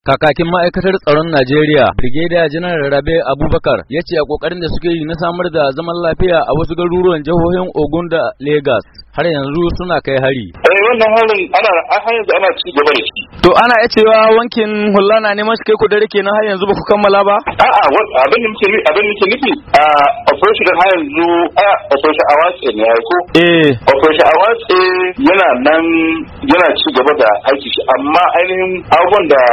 Kakakin ma'aikatar tsaron Najeriya, Brigadier General Rabe Abubakar, ya ce a ƙoƙarin da suke yi na samar da zaman lafiya a wasu garuruwan jihohin Ogun da Lagos, har yanzu suna kai hari. Eh, wannan harin ana har yanzu ana ci gaba da shi. To ana iya cewa wankin hulla na neman shi kai ku dare kenan har yanzu ba ku kammala ba? A'a abin da muke abin da muke nufi a operation har yanzu a operation awatse ne ya ko? Eh. Operation awatse yana nan yana ci gaba da aiki shi amma ainihin abubuwan da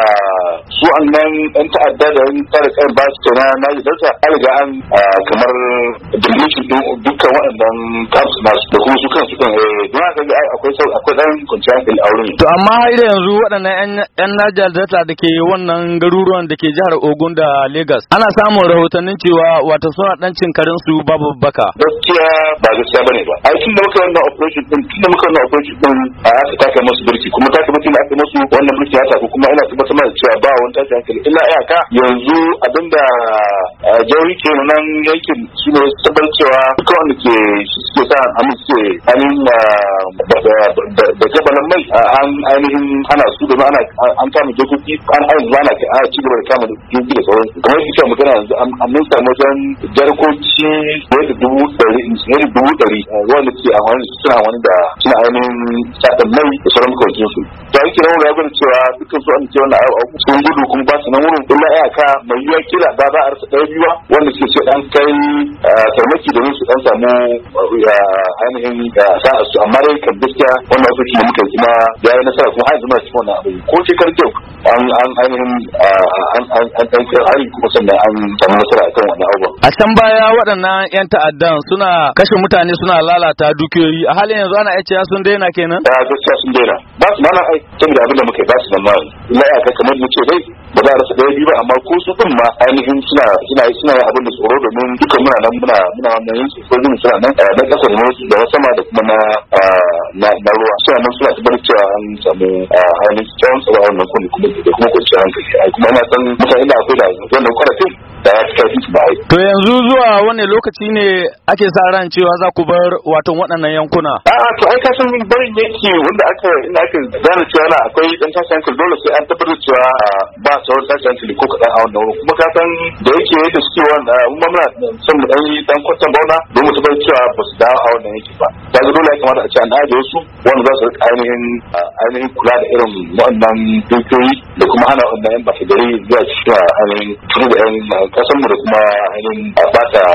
su nan yan ta'adda da wani tsara tsayin ba su na yi delta alga an kamar dalilin dukkan waɗannan kamsu nasu da kuma su kansu kan eh, don haka ga akwai sau akwai ɗan kwanciyar hankali a wurin. to amma har yanzu waɗannan yan naji delta da ke wannan garuruwan da ke jihar ogun da lagos ana samun rahotannin cewa wata suna ɗan cin karin su babu baka. gaskiya ba gaskiya bane ba ai tun da muka wannan operation din tun da muka wannan operation din a aka taka musu birki kuma taka mutum da aka musu wannan birki ya tafi kuma ina tabbatar da cewa ba wa wani tashin hankali illa iyaka yanzu abinda jauri ke nan yankin shi ne tabbar cewa duka wanda ke suke sa hannu suke hannun da gabanin mai an ainihin ana su da ana an kama jokoki an ainihin zana a ci gaba da kama jokoki da sauran kamar yadda magana yanzu an mun samu wajen jarkoci fiye dubu ɗari dubu ɗari wanda ke suna wani da suna ainihin mai da sauran makawakin su. Ta yake nan wani cewa dukkan su an ce abu sun gudu kuma ba su nan wurin illa iyaka mai yiwa kila ba za a rasa ɗaya biyuwa wanda suke ce an kai eh, farmaki domin su dan samu ainihin sa'a su amma dai kan gaskiya wannan hukunci da muka kuma ya yi nasara kuma har yanzu su cikin wannan abu ko ce karjau an an ainihin an an an hari kuma sannan an samu nasara kan wannan abu a can baya waɗannan yan ta'addan suna kashe mutane suna lalata dukiyoyi a halin yanzu ana iya sun daina kenan a gaskiya sun daina ba su mana ai tun da abin da muka yi ba su nan ma illa ya kai kamar mu ce dai ba za a rasa ɗaya biyu ba amma ko su din ma ainihin suna suna suna abin da tsoro domin dukkan muna nan muna muna wannan yanki sojin suna nan eh, na kasa da da na sama da kuma eh, na na ruwa suna nan suna tabbatar cewa an samu halin eh, kyawun tsaro a wannan kuma da kuma kwanciyar hankali kuma na san mutane da akwai da wannan kwarafin da To yanzu zuwa wani lokaci ne ake sa ran cewa za ku bar wato waɗannan yankuna? A'a ah, to ai kasan barin yanki wanda aka ina aka zana cewa na akwai dan tashi hankali dole sai an tabbatar cewa ba sauran tashi hankali ko kaɗan a wannan kuma ka san da yake yadda suke wanda mun muna son mu dan yi dan kwatan bauna don mu tabbatar cewa ba su dawo a wannan yake ba. Ta ga dole ya kamata a ce an ajiye su wanda za su rika ainihin ainihin kula da irin waɗannan dukiyoyi da kuma hana waɗannan yan ba su gari zuwa cikin ainihin turu da yan kasan mu da kuma ainihin bata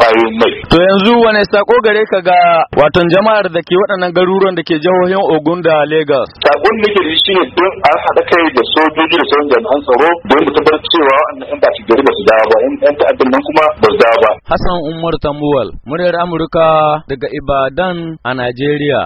bayan mai. To yanzu wane sako gare ka ga watan jama'ar da ke waɗannan garuruwan da ke jihohin Ogun da Lagos? Sakon da ke shi ne don an haɗa kai da sojoji da sauran an tsaro don mu tabbatar cewa wannan 'yan baci gari ba su dawo ba 'yan ta'addan nan kuma ba su dawo ba. Hassan Umar Tambuwal, muryar Amurka daga Ibadan a Najeriya.